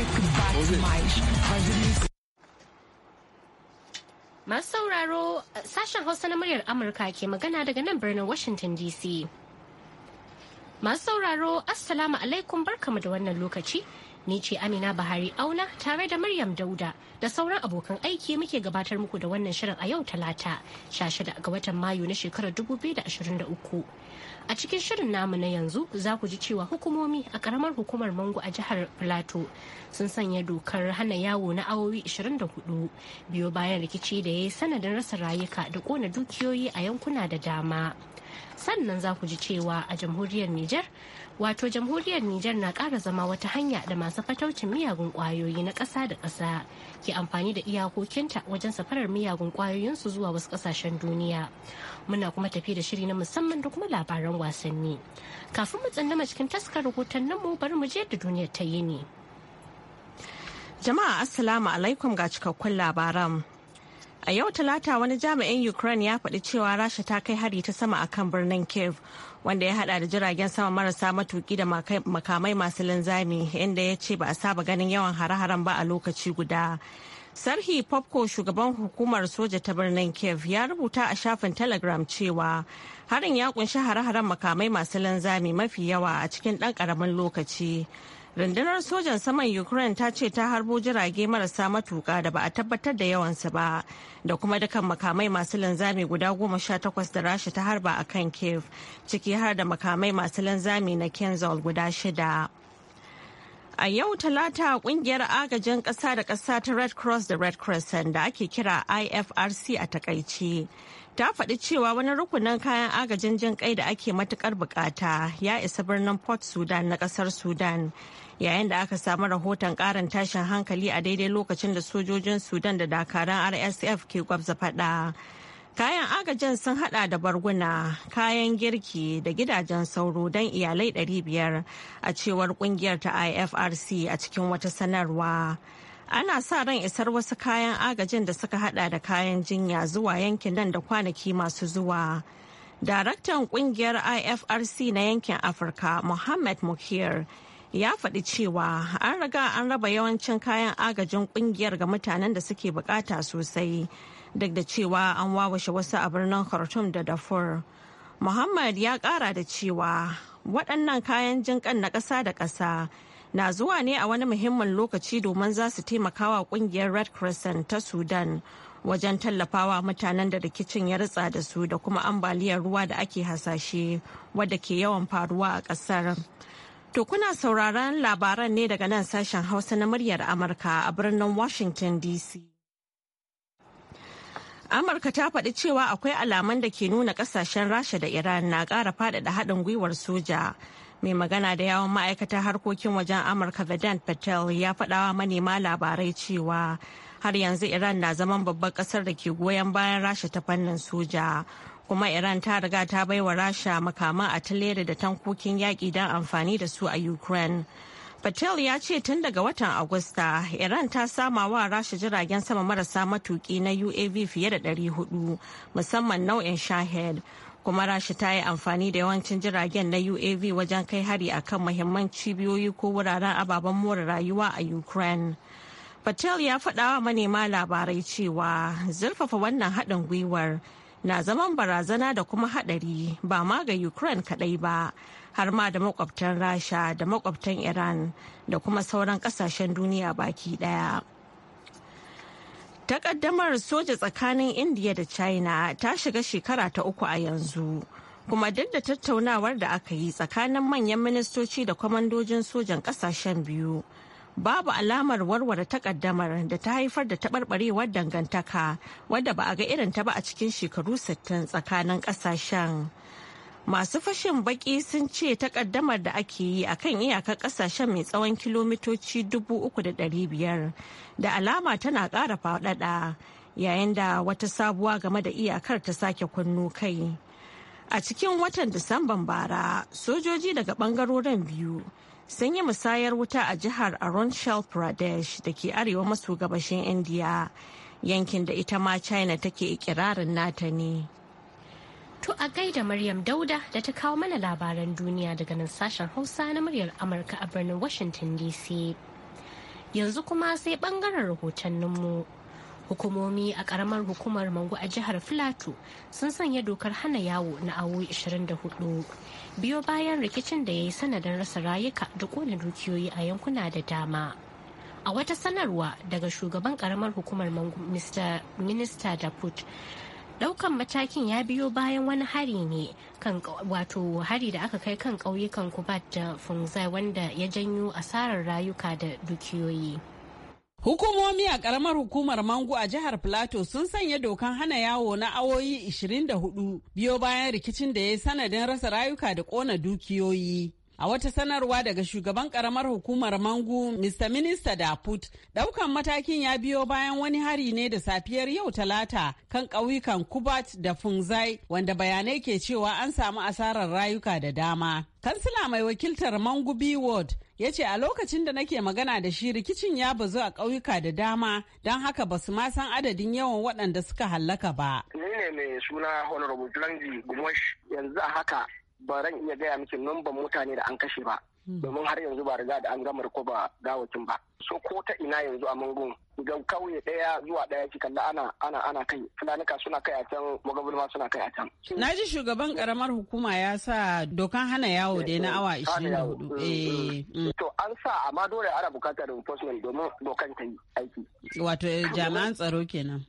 música que bate mais. Masu sauraro sashen Hausa na muryar Amurka ke magana daga nan birnin Washington DC. Masu sauraro Assalamu alaikum barkamu da wannan lokaci. Ni ce Amina Bahari Auna tare da Maryam Dauda da sauran abokan aiki muke gabatar muku da wannan shirin a yau talata 16 ga watan Mayu na shekarar 2023. a cikin shirin namu na yanzu za ku ji cewa hukumomi a karamar hukumar mango a jihar plateau sun sanya dokar hana yawo na awowi 24 biyo bayan rikici da ya yi sanadin rasa rayuka da kona dukiyoyi a yankuna da dama sannan za ku ji cewa a jamhuriyar Nijar? wato jamhuriyar Nijar na ƙara zama wata hanya da masu fataucin miyagun ƙwayoyi na ƙasa da ƙasa ke amfani da iyakokinta wajen safarar miyagun ƙwayoyinsu zuwa wasu ƙasashen duniya. Muna kuma tafi da shiri na musamman da kuma labaran wasanni. Kafin mu tsandama cikin taskar rahotanninmu bari mu je da duniyar ta yi ne. Jama'a Assalamu alaikum ga cikakkun labaran. A yau Talata wani jami'in Ukraine ya faɗi cewa Rasha ta kai hari ta sama akan birnin Kiev wanda ya hada da jiragen sama marasa matuki da makamai masu linzami inda ya ce ba a saba ganin yawan hare-haren ba a lokaci guda. Sarhi Popko shugaban hukumar soja ta birnin Kiev ya rubuta a shafin Telegram cewa harin ya kunshi hare-haren makamai masu linzami mafi yawa a cikin ɗan karamin lokaci. rundunar sojan saman ukraine ta ce ta harbo jirage marasa matuka da ba a tabbatar da yawansu ba da kuma dukan makamai masu linzami guda goma sha takwas da rasha ta harba a kan kiev ciki har da makamai masu linzami na kenzal guda shida a yau talata kungiyar agajin kasa da kasa ta red cross da red crescent da ake kira ifrc a takaice ta faɗi cewa wani rukunin kayan agajin jin kai da ake matukar bukata ya isa birnin port sudan na ƙasar sudan yayin da aka samu rahoton ƙarin tashin hankali a daidai lokacin da sojojin sudan da dakaran rsf ke gwabza faɗa kayan agajin sun hada da barguna kayan girki da gidajen sauro don iyalai 500 a cewar kungiyar ta ifrc a cikin wata sanarwa. ana sa ran isar wasu kayan agajin da suka hada da kayan jinya zuwa yankin nan da kwanaki masu zuwa daraktan kungiyar ifrc na yankin afirka mohammed mukhir ya faɗi cewa an riga an raba yawancin kayan agajin kungiyar ga mutanen da suke bukata sosai duk da cewa an wawashe wasu a birnin khartoum da darfur muhammad ya ƙara da cewa waɗannan kayan jinƙan na ƙasa da ƙasa na zuwa ne a wani muhimmin lokaci domin za su taimakawa kungiyar red crescent ta sudan wajen tallafawa mutanen da rikicin ya ritsa da su da kuma ambaliyar ruwa da ake hasashe wadda ke yawan faruwa a kasar. To kuna sauraron labaran ne daga nan sashen Hausa na muryar Amurka a birnin Washington DC. Amurka ta faɗi cewa akwai alaman da ke nuna ƙasashen Rasha da Iran na ƙara faɗaɗa haɗin gwiwar soja mai magana da yawon ma'aikatar harkokin wajen amurka vedant patel ya faɗawa manema labarai cewa har yanzu iran na zaman babbar ƙasar da ke goyon bayan rasha ta fannin soja kuma iran ta riga ta baiwa rasha makaman atileri da tankokin yaƙi don amfani da su a ukraine patel ya ce tun daga watan agusta iran ta sama wa rasha jiragen sama marasa matuƙi na uav fiye da 400 musamman nau'in shahed kuma rashi ta yi amfani da yawancin jiragen na uav wajen kai hari a kan muhimman cibiyoyi ko wuraren ababen more rayuwa a ukraine patel ya faɗa wa manema labarai cewa zurfafa wannan haɗin gwiwar na zaman barazana da kuma haɗari ba ma ga ukraine kaɗai ba har ma da makwabtan rasha da makwabtan iran da kuma sauran ƙasashen duniya baki ɗaya. Takaddamar soja tsakanin Indiya da China ta shiga shekara ta uku a yanzu. Kuma duk da tattaunawar da aka yi tsakanin manyan ministoci da kwamandojin sojan kasashen biyu, babu alamar warware takaddamar da ta haifar da taɓarɓarewar dangantaka wadda ba a ga irin ta ba a cikin shekaru 60 tsakanin ƙasashen. masu fashin baki sun ce takaddamar da ake yi a kan iyakar kasashen mai tsawon kilomitoci 3,500 da alama tana kara faɗaɗa yayin da wata sabuwa game da iyakar ta sake kunno kai a cikin watan disamban bara sojoji daga bangarorin biyu sun yi musayar wuta a jihar arunshal pradesh da ke arewa maso gabashin india, yankin da ita ma china take ikirarin nata ne. To a gaida Maryam Dauda da ta kawo mana labaran duniya daga nan sashen Hausa na muryar Amurka a birnin Washington DC. Yanzu kuma sai bangaren rahotanninmu. Hukumomi a karamar hukumar Mangu a jihar Filato sun sanya dokar hana yawo na awo 24. Biyo bayan rikicin da ya yi sanadin rasa rayuka da kona dukiyoyi a yankuna da dama. A wata sanarwa daga shugaban karamar hukumar Mangu Mr. Minista Daput daukan matakin ya biyo bayan wani hari ne kan wato hari da aka kai kan ƙauyukan kubat da funzai wanda ya janyo asarar rayuka da dukiyoyi Hukumomi a ƙaramar hukumar Mangu a jihar plateau sun sanya dokan hana yawo na awoyi 24 biyo bayan rikicin da ya sanadin rasa rayuka da ƙona dukiyoyi. A wata sanarwa daga shugaban karamar hukumar Mangu, Mr. Minista Daput, daukan matakin ya biyo bayan wani hari ne da safiyar yau talata kan ƙauyukan Kubat da Funzai, wanda bayanai ke cewa an samu asarar rayuka da dama. Kansila mai wakiltar Mangu B. Ward ya ce a lokacin da nake magana da shi rikicin ya bazu a ƙauyuka da dama don haka ba su ma san adadin yawan waɗanda suka hallaka ba. Ni ne mai suna Honorable Blandy Gumosh yanzu a haka ba ran iya gaya miki numban mutane da an kashe ba hmm. domin har yanzu ba riga da an gama ko ba gawacin ba so ko ta ina yanzu a mangun ga kauye daya zuwa daya ki kalla ana ana ana kai fulanika suna kai a can magabulma suna kai a can na ji shugaban karamar hukuma ya sa dokan hana yawo eh, da na awa 24 to an sa amma dole ana bukatar enforcement domin dokan ta yi aiki wato eh, jami'an tsaro kenan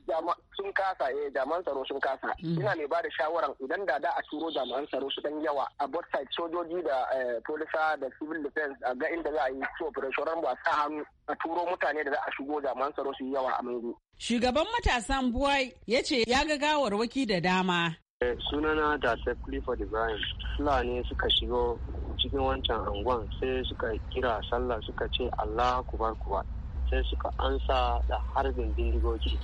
kasa eh jami'an tsaro sun kasa mm. ina mai ba da shawaran idan da da a turo jami'an tsaro su dan yawa a both side sojoji da eh, polisa da civil defense a ga inda za a yi su operation ba sa hannu a turo mutane da za a shigo jami'an tsaro su yi yawa a mangu. Shugaban matasan buwai ya ce ya ga gawarwaki da dama. Eh, sunana da Clifford Ibrahim Fulani suka shigo cikin wancan angon sai suka kira sallah suka ce Allah kubar kubar sai suka ansa da harbin bindigogi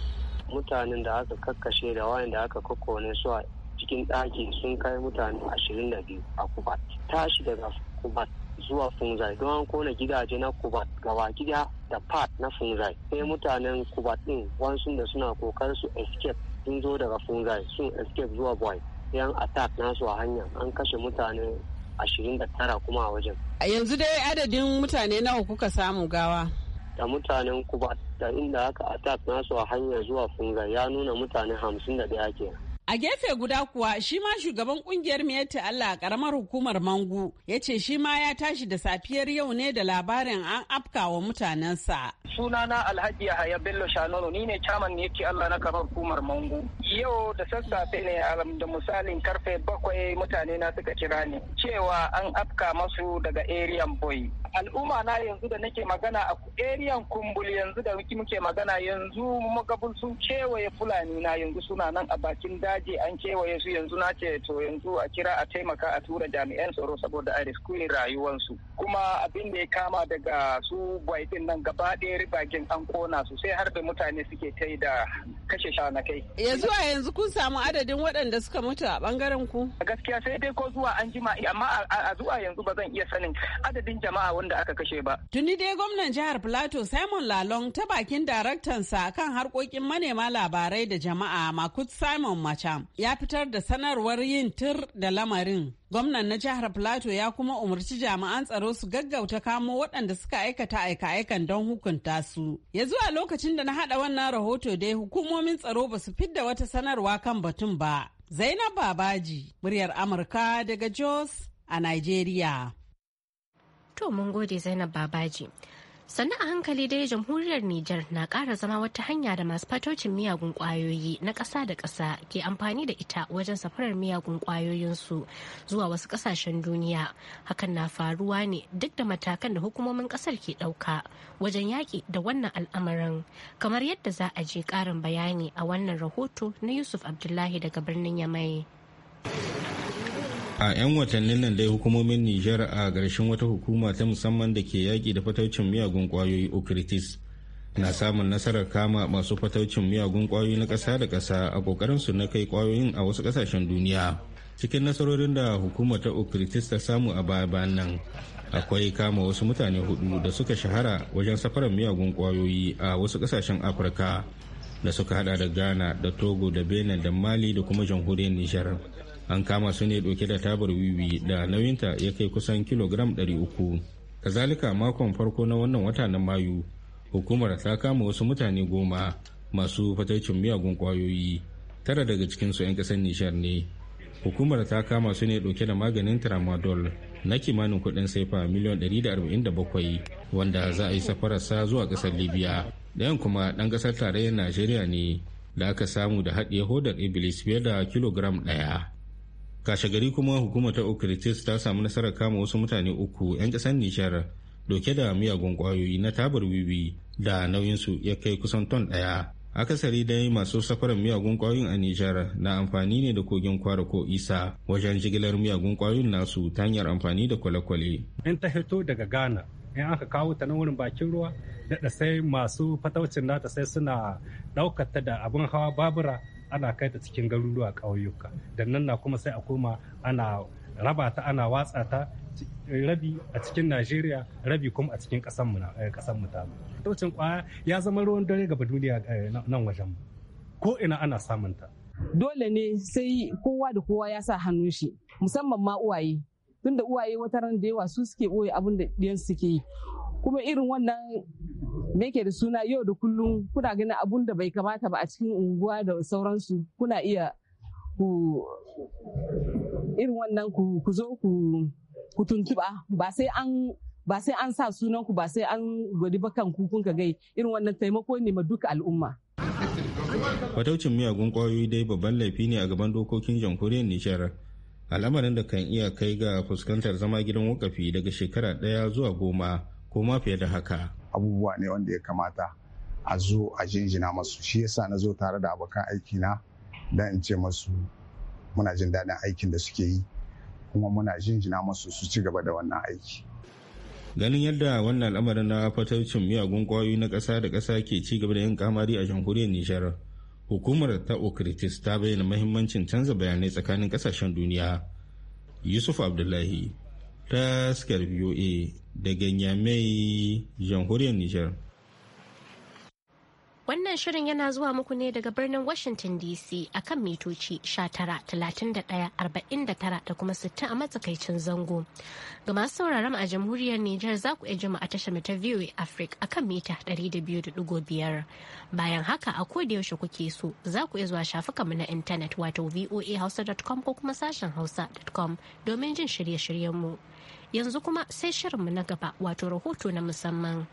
mutanen da aka kakkashe da wayan da aka kokone su a cikin ɗaki sun kai mutane ashirin da biyu a kubat tashi daga kubat zuwa funzai don an kona gidaje na kubat gaba gida da pat na funzai sai mutanen kubat ɗin, wasu da suna kokarin su escape sun zo daga funzai sun escape zuwa boy yan attack nasu a hanya an kashe mutane ashirin da tara kuma a wajen yanzu dai adadin mutane nawa kuka samu gawa da mutanen kubat da inda aka attack nasu a hanyar zuwa funga ya nuna mutane hamsin da daya A gefe guda kuwa shi ma shugaban kungiyar Miyatta Allah a karamar hukumar Mangu ya ce shi ma ya tashi da safiyar yau ne da labarin an afka wa mutanensa. Sunana Alhaji Yahaya Bello Shanoro ni ne caman ne yake Allah na karamar hukumar Mangu. yau da sassafe ne a da misalin karfe bakwai mutane na suka kira ni cewa an afka masu daga eriyan boy al'umma na yanzu da nake magana a eriyan kumbul yanzu da muke magana yanzu magabul sun kewaye fulani na yanzu suna nan a bakin daji an kewaye su yanzu na ce to yanzu a kira a taimaka a tura jami'an tsaro saboda a riskuyin rayuwansu kuma abin da ya kama daga su gwai nan gaba ɗaya ribagen an kona su sai har da mutane suke ta da kashe shanakai yanzu zuwa yanzu kun samu adadin waɗanda suka mutu a bangaren ku? Gaskiya sai dai ko zuwa an jima amma a zuwa yanzu ba zan iya sanin adadin jama'a wanda aka kashe ba. Tuni dai gwamnan jihar Plateau Simon Lalong ta bakin daraktansa kan harkokin manema labarai da jama'a Makut Simon Macham ya fitar da sanarwar yin tir da lamarin. Gwamnan na jihar Plateau ya kuma umarci jami'an tsaro su gaggauta kamo waɗanda suka aikata aika-aikan don hukunta su. Ya zuwa lokacin da na haɗa wannan rahoto dai hukumomin tsaro ba su fidda wata sanarwa kan batun ba. Zainab Babaji, muryar Amurka daga Jos a Nigeria. To mun gode Zainab Babaji. sannan a hankali dai jamhuriyar Nijar na kara zama wata hanya da masu fatocin miyagun kwayoyi na ƙasa da ƙasa ke amfani da ita wajen safarar miyagun ƙwayoyinsu zuwa wasu ƙasashen duniya hakan na faruwa ne duk da matakan da hukumomin ƙasar ke ɗauka wajen yaƙi da wannan al'amarin kamar yadda za a je ƙarin bayani a wannan rahoto na Yusuf Abdullahi daga birnin Yamai. a 'yan watannin nan dai hukumomin nijar a garshen wata hukuma ta musamman da ke yaƙi da fataucin miyagun ƙwayoyi okritis na samun nasarar kama masu fataucin miyagun ƙwayoyi na ƙasa da ƙasa a ƙoƙarin su na kai ƙwayoyin a wasu ƙasashen duniya cikin nasarorin da hukumar ta okritis ta samu a baya nan akwai kama wasu mutane hudu da suka shahara wajen safarar miyagun ƙwayoyi a wasu ƙasashen afirka da suka hada da ghana da togo da benin da mali da kuma jamhuriyar nijar an kama su ne dauke da tabar wiwi da nauyinta ya kai kusan kilogram 300 kazalika makon farko na wannan wata na mayu hukumar ta kama wasu mutane goma masu fataicin miyagun kwayoyi tara daga cikin su 'yan ƙasar nishar ne hukumar ta kama su ne dauke da maganin tramadol na kimanin kudin saifa miliyan 147 wanda za a yi safararsa zuwa kasar libya ɗayan kuma ɗan ƙasar tarayyar najeriya ne da aka samu da haɗe hodar iblis fiye da kilogram ɗaya kashe gari kuma hukumar ta okritis ta samu nasarar kama wasu mutane uku 'yan ƙasar nijar doke da miyagun kwayoyi na tabar wiwi da nauyinsu ya kai kusan ton ɗaya akasari dai masu safarar miyagun kwayoyin a nijar na amfani ne da kogin kwara ko isa wajen jigilar miyagun kwayoyin nasu ta hanyar amfani da kwale-kwale in ta hito daga ghana in aka kawo ta na wurin bakin ruwa daɗa sai masu fataucin nata sai suna ɗaukata da abin hawa babura ana kai ta cikin garuruwa ƙauyuka da nan na kuma sai a koma ana raba ta ana watsa ta rabi a cikin najeriya rabi kuma a cikin ƙasanmu ta eh, taucin kwaya ya zama ruwan dare ga duniya eh, nan wajen ko ina ana samunta dole ne sai kowa da kowa ya sa hannun shi musamman ma uwaye tunda uwaye wata ran da yawa su suke ɓoye abin da ɗiyan suke yi kuma irin wannan me yake da suna yau da kullum kuna ganin abun da bai kamata ba a cikin unguwa da sauransu kuna iya ku irin wannan ku zo ku tuntuba ba sai an ba sai an sa sunan ku ba sai an gwadi ba kan kun ka gai irin wannan taimako ne ma duka al'umma fataucin miyagun kwayoyi dai babban laifi ne a gaban dokokin jamhuriyar nijar al'amarin da kan iya kai ga fuskantar zama gidan wakafi daga shekara ɗaya zuwa goma ko ma fiye da haka abubuwa ne wanda ya kamata a zo a jinjina masu shi yasa na zo tare da abokan aiki na don in ce masu muna jin daɗin aikin da suke yi kuma muna jinjina masu su ci gaba da wannan aiki ganin yadda wannan al'amarin na fataucin miyagun kwayoyi na ƙasa da ƙasa ke ci gaba da yin kamari a jamhuriyar nijar hukumar ta okritis ta bayyana mahimmancin canza bayanai tsakanin ƙasashen duniya yusuf abdullahi ta skar voa daga nyamai jamhuriyar niger. wannan shirin yana zuwa muku ne daga birnin washington dc akan mitoci 19,31,49 da kuma 60 a matsakaicin zango ga masu sauraron a jamhuriyar niger za ku iya a tashar ta voa africa akan mita 200.5 bayan haka a koda yaushe kuke so za ku iya zuwa shafukanmu na intanet wato voa-hausa.com ko kuma sashen hausa.com domin jin shirye-shiryenmu. mu yanzu kuma sai shirinmu na gaba wato rahoto na musamman.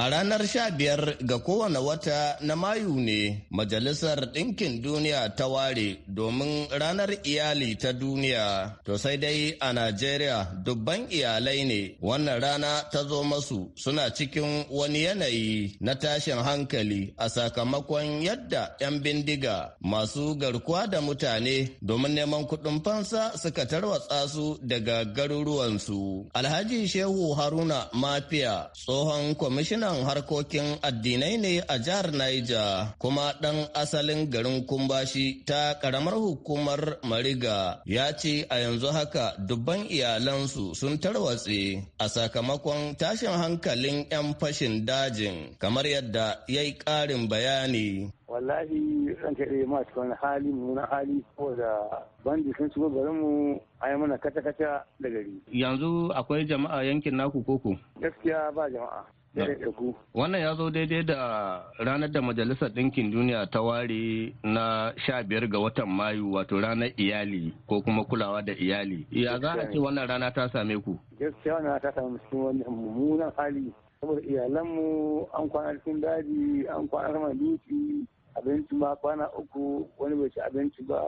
A ranar sha biyar ga kowane wata na Mayu ne Majalisar Ɗinkin Duniya ta ware domin ranar iyali ta duniya. To sai dai a Najeriya dubban iyalai ne wannan rana ta zo masu suna cikin wani yanayi na tashin hankali a sakamakon yadda 'yan bindiga masu garkuwa da mutane domin neman kuɗin fansa suka tarwatsa su daga garuruwansu. Alhaji Shehu Haruna Mafia tsohon kwamishina ministan harkokin addinai ne a jihar Niger kuma ɗan asalin garin Kumbashi ta ƙaramar hukumar Mariga ya ce a yanzu haka dubban iyalansu sun tarwatse a sakamakon tashin hankalin 'yan fashin dajin kamar yadda ya yi ƙarin bayani. Wallahi ran kaɗe ma cikin hali mummunan hali saboda bandi sun shigo garinmu a yi mana kata-kata da gari. Yanzu akwai jama'a yankin naku koko? Gaskiya ba jama'a. Wannan ya zo daidai da ranar da Majalisar Ɗinkin Duniya ta ware na sha biyar ga watan Mayu wato ranar iyali ko kuma kulawa da iyali. Ya za a ce wannan rana ta same ku? Gaskiya wannan ta same su wani mummunan hali. Saboda iyalanmu an kwana cikin daji, an kwana sama duki, abinci ma kwana uku wani bai ci abinci ba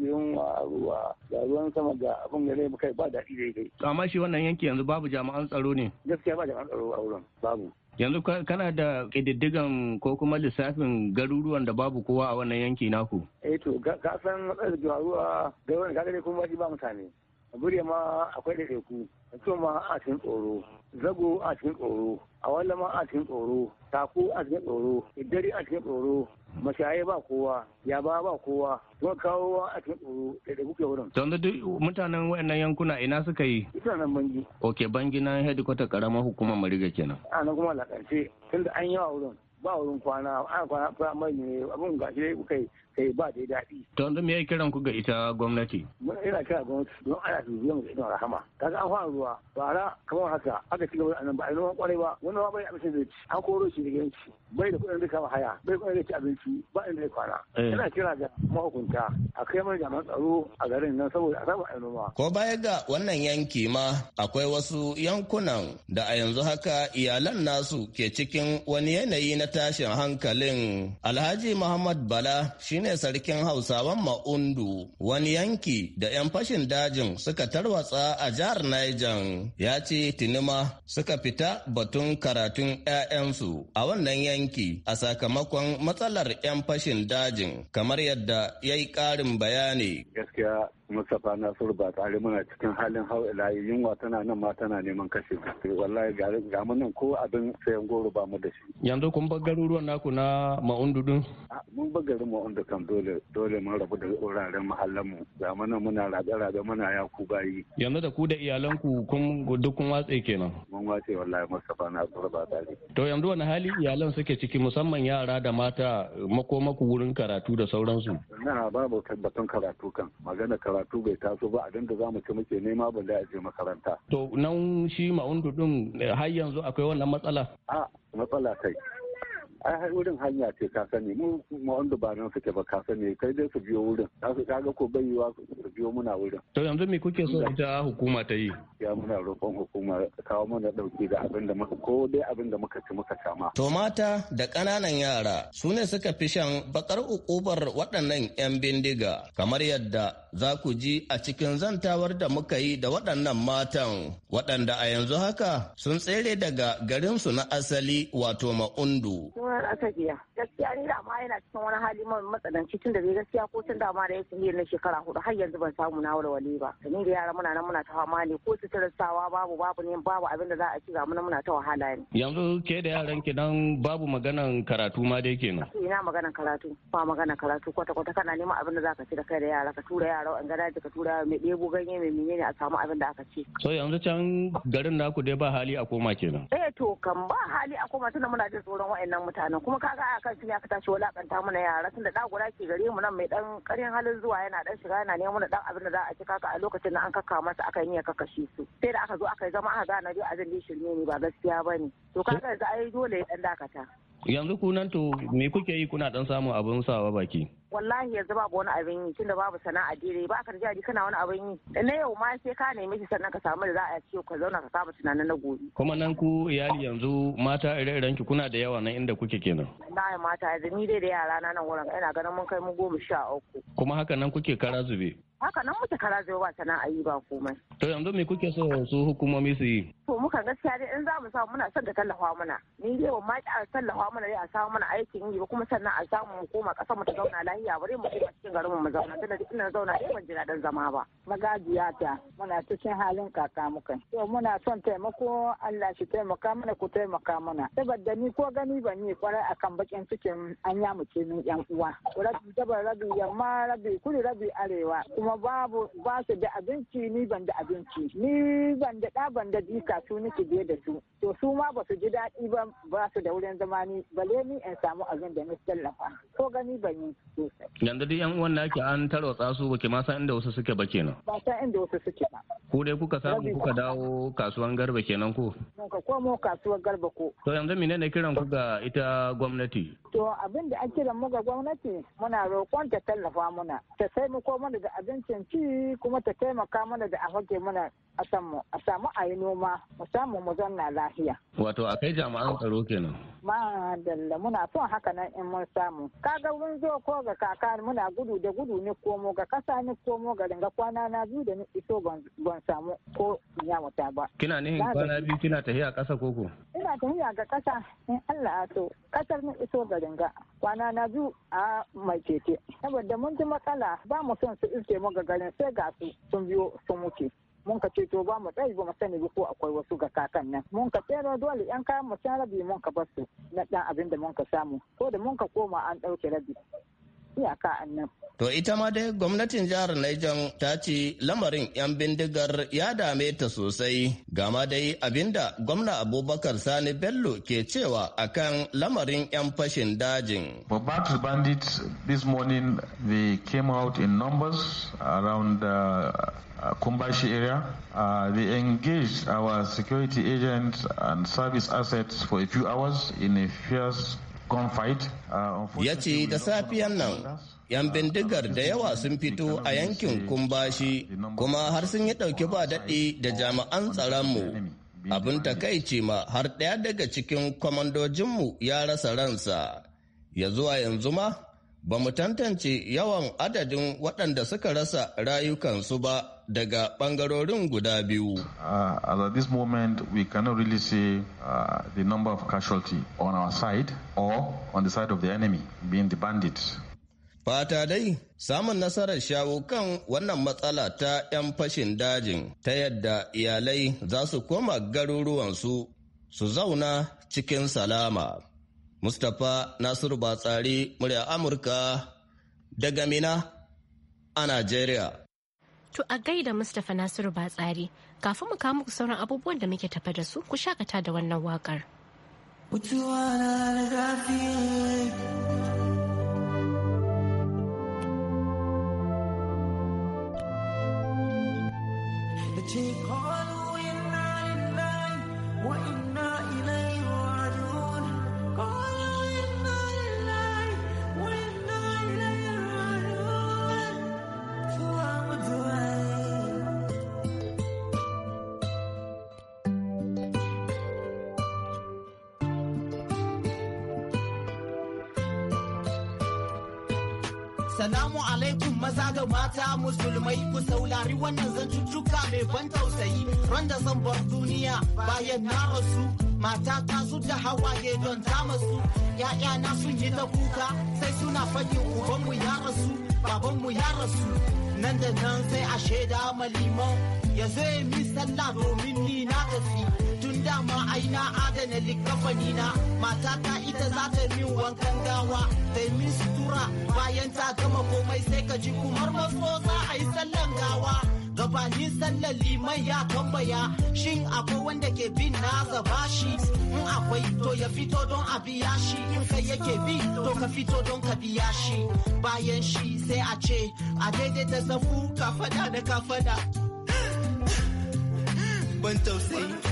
yunwa ruwa ga ruwan sama ga abin da zai kai ba daɗi daidai. to amma shi wannan yanki yanzu babu jami'an tsaro ne. gaskiya ba jami'an tsaro a wurin babu. yanzu kana da ƙididdigan ko kuma lissafin garuruwan da babu kowa a wannan yanki naku. eh to ka san matsalar garuruwa garuruwan ka gani kuma ba mutane. a ma akwai ɗaiɗaiku. a ma a cikin tsoro. zago a cikin tsoro a wallama a cikin tsoro taku a cikin tsoro idari a cikin tsoro mashaye ba kowa ya ba ba kowa kuma kawo a cikin tsoro da da kuke wurin. Don duk mutanen wayannan yankuna ina suka yi? Ita nan bangi. Ok bangi nan hedikwatar karamar hukumar Mariga kenan. A nan kuma lakance tunda an yawa wurin ba wurin kwana ana kwana firamare ne abin gashi dai kuka yi sai eh, ba dai daɗi. To wanda me ya kiran ku ga ita gwamnati? Mun ina kira gwamnati don ana dubiyar mu da rahama. rahama. ga an fara ruwa bara kamar haka aka ci gaba nan ba a noman kwarai ba wani ma bai abincin zai ci an koro shi daga yanci bai da kuɗin zai haya bai kuɗin zai abinci ba inda zai kwana. Eh. Ina kira ga mahukunta a kai mana jami'an tsaro a garin nan saboda a saba a noma. Ko baya ga wannan yanki ma akwai wasu yankunan da a yanzu haka iyalan nasu ke cikin wani yanayi na tashin hankalin Alhaji Muhammad Bala shi shine sarkin hausawan ma'undu wani yanki da 'yan fashin dajin suka tarwatsa a jihar Niger ya ce tinima suka fita batun karatun 'ya'yansu a wannan yanki a sakamakon matsalar 'yan fashin dajin kamar yadda ya yi ƙarin bayani. Mustapha Nasiru ba tsari muna cikin halin hau ilayi yunwa tana nan ma tana neman kashe eh, wallahi ga mu nan ko abin sayan goro ba mu da shi. Yanzu kun bar garuruwan naku na ma'undudun? Mun bar garin ma'undu kan dole dole mun rabu da wuraren mahallan mu ga mu nan muna rabe-rabe muna ya ku bayi. Yanzu da ku da iyalanku kun duk kun watse kenan. Mun watse wallahi Mustapha Nasiru ba tsari. To yanzu wani hali iyalan suke ciki musamman yara da mata makomaku wurin karatu da sauransu. Na babu tabbatun karatu kan magana karatu karatu bai taso ba a abin da mu ci muke nema balle a je makaranta to nan shi ma'undu din eh, har yanzu akwai wannan matsala a matsala kai ai wurin hanya ce ka sani mu wanda ba nan suke ba ka sani kai dai su biyo wurin za su kaga ko baiwa su biyo muna wurin to yanzu me kuke so ita hukuma ta yi ya muna roƙon hukuma kawo mana dauki da abin da muka ko dai abin da muka ci muka sama to mata da ƙananan yara su ne suka fi shan bakar ukubar waɗannan yan bindiga kamar yadda za ku ji a cikin zantawar da muka yi da waɗannan matan waɗanda a yanzu haka sun tsere daga garinsu na asali wato ma'undu. har aka biya gaskiya ni da ma yana cikin wani hali mai matsananci tun da zai gaskiya ko tun da ma da yake yin na shekara hudu har yanzu ban samu na wale ba ni da yara muna nan muna ta fama ne ko su tarasawa babu babu ne babu abin da za a ci ga mu muna ta wahala ne yanzu ke da yaran ki nan babu maganan karatu ma dai kenan ina maganan karatu ba maganan karatu kwata kwata kana neman abin da za ka ci da kai da yara ka tura yara an gada ka tura mai ɗebo ganye mai menene a samu abin da aka ci so yanzu can garin naku dai ba hali a koma kenan eh to kan ba hali a koma tunda muna jin tsoron wa'annan mutane mutanen kuma kaga a kan ya ka tashi walakanta mana yara tun da guda ke gare mu nan mai dan karin halin zuwa yana dan shiga yana neman dan abin da za a ci kaka a lokacin da an kaka masa akan iya kakashe su sai da aka zo aka zama aka gana dai abin da shirme ne ba gaskiya bane to kaga yanzu ai dole ya dan dakata yanzu kunan to me kuke yi kuna dan samun abin sawa baki wallahi yanzu babu wani abin yi tunda babu sana'a dire ba ka jari kana wani abin yi na yau ma sai ka nemi shi sannan ka samu da za a ce ka zauna ka saba tunanin na gobe kuma nan ku iyali yanzu mata ire-iren ki kuna da yawa nan inda kuke kenan wallahi mata yanzu ni dai da yara na nan wurin ina ganin mun kai mu goma sha uku kuma haka nan kuke kara zube haka nan muke kara zube ba sana'a yi ba komai. To yanzu me kuke so su hukumomi su yi? To muka gaskiya dai in za mu samu muna son da tallafa muna. Ni dai ban ma a tallafa muna dai a samu mana aikin yi ba kuma sannan a samu mu koma ƙasar mu ta zauna lafiya. lahiya bari mu kuma cikin garin mu zauna tana cikin na zauna ai ban ji daɗin zama ba magajiya ta muna cikin halin kaka muka to muna son taimako Allah shi taimaka mana ku taimaka mana saboda ni ko gani ban yi kwarai akan bakin cikin an ya mu min yan uwa rabi dabar rabi yamma rabi kuri rabi arewa kuma babu ba su da abinci ni ban da abinci ni ban da ɗa ban da dika su nake biye da su to su ma ba su ji daɗi ba ba su da wurin zama ni bale ni in samu abin da na tallafa ko gani ban yi yanzu duk yan uwan naki an tarwatsa su baki ma san inda wasu suke ba kenan ba san inda wasu suke ba ku dai kuka samu kuka dawo kasuwan garba kenan ko ka komo kasuwar garba ko to yanzu menene kiran ku ga ita gwamnati to abin da an kiran mu ga gwamnati muna roƙon ta tallafa muna ta taimako mana da abincin ci kuma ta taimaka mana da a hake mana a samu a samu a yi noma mu samu mu zanna lafiya wato akai jami'an tsaro kenan ma dalla muna son haka nan in mun samu kaga mun zo ko ga kaka muna gudu da gudu ni komo ga kasa ni komo garin ga kwana na biyu da ni iso ban samu ko ya wata ba. Kina ne kwana biyu kina tafiya kasa koko? Ina tafiya ga kasa in Allah to kasar ni iso garin ga kwana na biyu a mai keke. Saboda mun ji matsala ba mu son su iske mu ga garin sai ga su sun biyo sun wuce. mun ka ce to ba mu tsaye ba mu sani ba ko akwai wasu ga kakan nan mun ka tsero dole yan kayan mu rabi mun ka bar su na dan abin da mun ka samu ko da mun ka koma an ɗauke rabi iyaka nan. To ita ma dai gwamnatin jihar Niger ta ce lamarin 'yan bindigar ya dame ta sosai. Gama dai abinda gwamna Abubakar Sani Bello ke cewa akan lamarin 'yan fashin dajin. For battle bandits this morning they came out in numbers around uh, uh Kumbashi area. Uh, they engaged our security agents and service assets for a few hours in a fierce Uh, ya ce da safiyan nan yan uh, bindigar da yawa sun fito a yankin kumbashi kuma har sun yi ɗauki ba daɗi da jami'an tsaronmu abin takaici ma har ɗaya daga cikin kwamandojinmu ya rasa ransa ya zuwa yanzu ma ba mu tantance yawan adadin waɗanda suka rasa rayukansu ba daga bangarorin guda biyu. Uh, at this moment we cannot really say uh, the number of casualty on our side or on the side of the enemy being the bandits. Fata dai samun nasarar shawo kan wannan matsala ta 'yan fashin dajin ta yadda iyalai za su koma garuruwansu su zauna cikin salama. Mustapha Nasiru Batsari murya Amurka daga Mina a Najeriya. To a gaida Mustapha Nasiru ba tsari, kafin mu kawo muku sauran abubuwan da muke tafa da su ku shakata da wannan wakar. Take all in Salamu alaikum maza ga mata musulmai ku saulari wannan zantuttuka mai ban tausayi randa zan bar duniya bayan na rasu mata ta su da hawaye don ta masu Ya'ya na sun yi ta kuka sai suna faɗin ubanmu ya rasu babanmu ya rasu nan da nan sai a shaida maliman ya zo ya mi sallah domin ni na tafi tun dama ai na adana likafani na matata ita za ta min wankan gawa ta min tura bayan ta gama komai sai ka ji kumar maso za a yi sallan gawa gabanin sallan liman ya tambaya shin akwai wanda ke bin zaba bashi in akwai to ya fito don a biya shi in kai yake bi to ka fito don ka biya shi bayan shi sai a ce a daidai da zafu ka fada da ka fada ban tausayi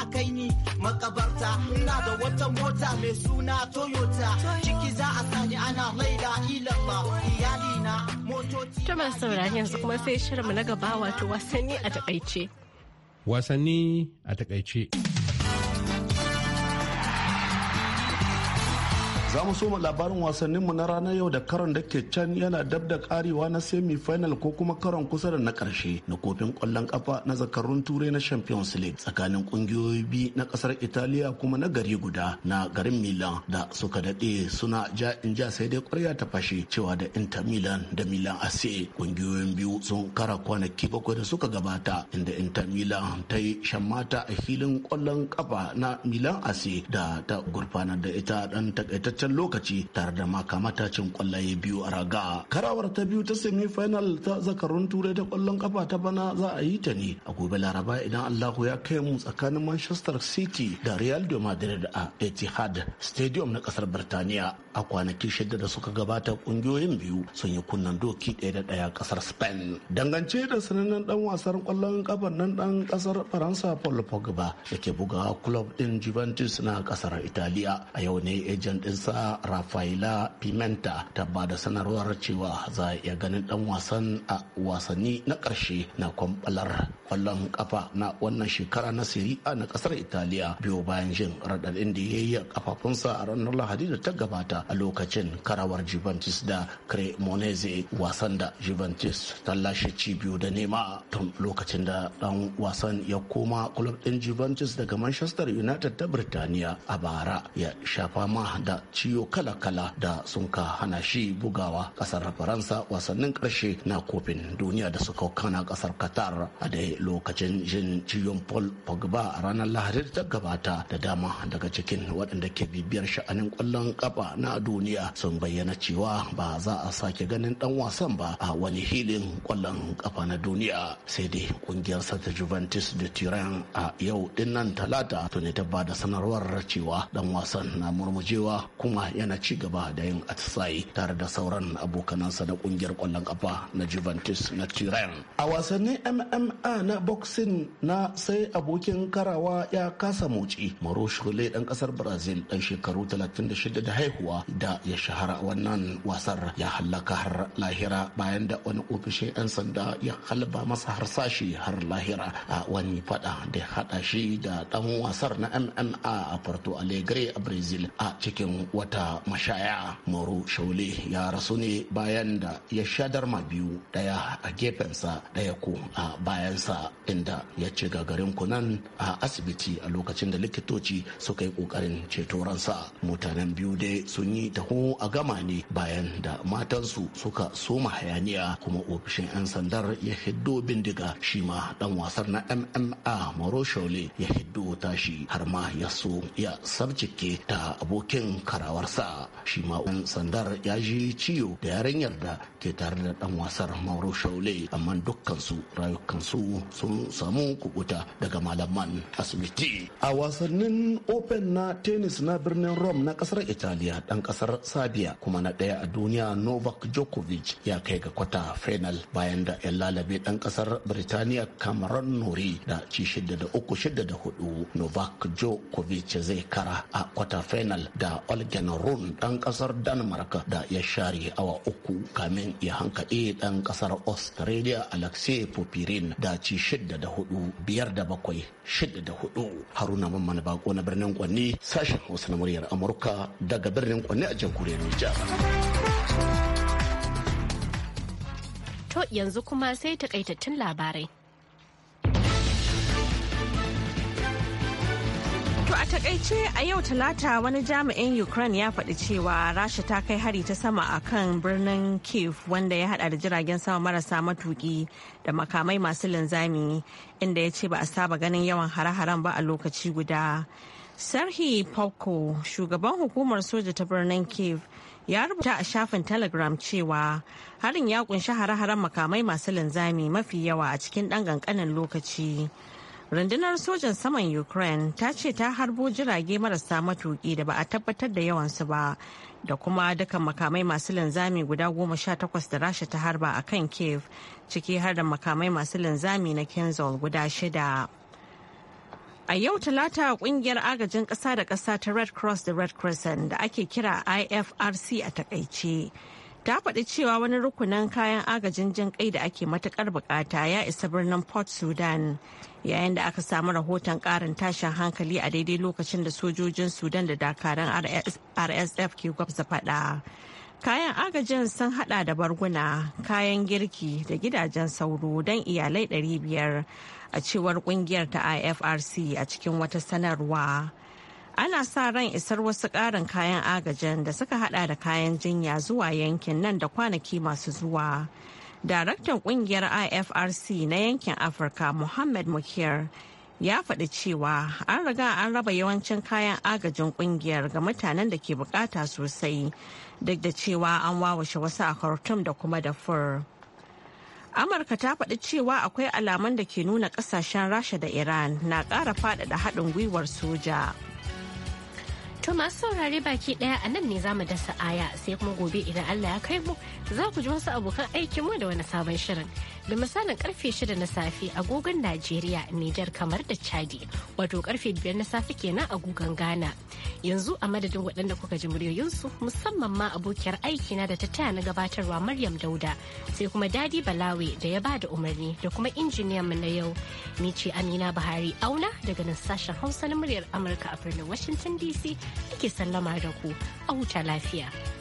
makabarta ina da wata mota mai suna toyota ciki za a sani ana laila ilaba na motoci ta masu saurari yanzu kuma sai shirinmu na gaba wato wasanni a takaice wasanni a takaice Za mu soma labarin wasannin mu na ranar yau da karon da ke can yana dab da karewa na semi-final ko kuma karon kusa da na karshe na kofin kwallon kafa na zakarun turai na Champions League tsakanin kungiyoyi biyu na kasar Italiya kuma na gari guda na garin Milan da suka daɗe suna ja in ja sai dai kwarya ta fashe cewa da Inter Milan da Milan AC kungiyoyin biyu sun kara kwanaki bakwai da suka gabata inda Inter Milan ta yi shammata a filin kwallon kafa na Milan AC da ta gurfanar da ita dan takaitacce wadataccen lokaci tare da makamata cin kwallaye biyu a raga karawar ta biyu ta semi final ta zakarun turai ta kwallon kafa ta bana za a yi ta ne a gobe laraba idan allahu ya kai mu tsakanin manchester city da real de madrid a etihad stadium na kasar birtaniya a kwanaki shida da suka gabata kungiyoyin biyu sun yi kunnan doki ɗaya da ɗaya kasar spain dangance da sanannen dan wasan kwallon kafar nan dan kasar faransa paul pogba da ke bugawa club din juventus na kasar italiya a yau ne ɗin ɗinsa wasa rafaela pimenta ta ba da sanarwar cewa za a iya ganin dan wasan a wasanni na ƙarshe na kwambalar kwallon kafa na wannan shekara na siri a na ƙasar italiya biyo bayan jin raɗaɗin da ya yi kafafunsa a ranar lahadi da ta gabata a lokacin karawar juventus da cremonese wasan da juventus ta lashe ci biyu da nema tun lokacin da dan wasan ya koma kulob din juventus daga manchester united ta birtaniya a bara ya shafa ma da ciwo kala-kala da sun ka hana shi bugawa kasar faransa wasannin karshe na kofin duniya da suka kana kasar qatar a da lokacin jin ciwon paul pogba a ranar Lahadi ta gabata da dama daga cikin waɗanda ke bibiyar sha'anin kwallon kafa na duniya sun bayyana cewa ba za a sake ganin dan wasan ba a wani hilin kwallon kafa na duniya sai dai sa ta juventus da turin a yau dinnan talata tuni ta ba da sanarwar cewa dan wasan na murmujewa kuma ma yana ci gaba da yin atisaye tare da sauran abokanansa na kungiyar kwallon kafa na Juventus na Turin. A wasannin MMA na boxing na sai abokin karawa ya kasa motsi. Maro Shule dan kasar Brazil dan shekaru 36 da haihuwa da ya shahara wannan wasar ya hallaka har lahira bayan da wani ofishin 'yan sanda ya halba masa harsashi har lahira a wani fada da hada shi da dan wasar na MMA a Porto Alegre a Brazil a cikin wata mashaya maru shaule ya rasu ne bayan da ya sha darma biyu daya a gefensa daya ko a bayansa inda ya ci gagarin kunan a asibiti a lokacin da likitoci suka yi kokarin ceto ransa mutanen biyu dai sun yi taho a gama ne bayan da matansu suka soma hayaniya kuma ofishin 'yan sandar ya hiddo bindiga shi ma dan wasar na mma maro shaule ya hiddo tashi har ma ya so ya sabcike ta abokin kara kulawarsa shi ma sandar ya ji ciyo da yarinyar da ke tare da dan wasar mauro shaule amma dukkansu rayukansu sun samu kubuta daga malaman asibiti a wasannin open na tennis na birnin rome na kasar italiya dan kasar sabia kuma na daya a duniya novak djokovic ya kai ga kwata final bayan da yan lalabe dan kasar birtaniya cameron nori da ci shida da uku shida da hudu novak djokovic zai kara a kwata final da olga bayyana run dan kasar danmark da ya share awa uku kamin ya hankaɗe dan kasar Australia Alexei Popirin da ci shidda da hudu biyar da bakwai shidda da hudu Haruna Mamman Bako na birnin Kwanni sashen Hausa na muryar Amurka daga birnin Kwanni a jamhuriyar Nijar. To yanzu kuma sai takaitattun labarai. To a takaice a yau talata wani jami'in Ukraine ya faɗi cewa Rasha ta kai hari ta sama a kan birnin Kiev wanda ya haɗa da jiragen sama marasa matuki da makamai masu linzami inda ya ce ba a saba ganin yawan hare-haren ba a lokaci guda. Sarhi poko shugaban hukumar soja ta birnin Kiev, ya rubuta a shafin Telegram cewa harin ya kunshi hare-haren makamai masu linzami mafi yawa a cikin ɗan ƙanƙanin lokaci. rundunar sojan saman ukraine ta ce ta harbo jirage marasa matuki da ba a tabbatar da yawansu ba da kuma dukkan makamai masu linzami guda goma sha takwas da rasha ta harba a kan kiev ciki har da makamai masu linzami na kenzol guda shida a yau talata kungiyar agajin kasa da kasa ta red cross da red crescent da ake kira ifrc a takaice ta faɗi cewa wani rukunin kayan agajin jin kai da ake matukar bukata ya isa birnin port sudan yayin da aka samu rahoton ƙarin tashin hankali a daidai lokacin da sojojin sudan da dakaran rsf ke gwabza faɗa kayan agajin sun hada da barguna kayan girki da gidajen sauro don iyalai 500 a cewar kungiyar ta ifrc a cikin wata sanarwa ana sa ran isar wasu ƙarin kayan agajin da suka hada da kayan jinya zuwa yankin nan da kwanaki masu zuwa daraktan ƙungiyar ifrc na yankin afirka muhammad Mukir, ya faɗi cewa an riga an raba yawancin kayan agajin ƙungiyar ga mutanen da ke bukata sosai duk da cewa an wawashe wasu a khartoum da kuma da fur amurka ta faɗi cewa akwai alamun da ke nuna ƙasashen rasha da iran na ƙara faɗaɗa haɗin gwiwar soja. To masu saurare baki daya a nan ne za mu dasa aya sai kuma gobe idan Allah ya kai mu za ku ji wasu abokan aikin mu da wani sabon shirin. Da misalin karfe shida na safe agogon Najeriya, Nijar kamar da Chadi, wato karfe biyar na safe kenan agogon Ghana. Yanzu a madadin waɗanda kuka ji muryoyinsu musamman ma abokiyar aiki na da ta taya na gabatarwa Maryam Dauda sai kuma Dadi Balawe da ya ba da umarni da kuma injiniyan mu na yau. Ni ce Amina Buhari Auna daga nan sashen Hausa na muryar Amurka a birnin Washington DC. ake sallama da ku a huta lafiya.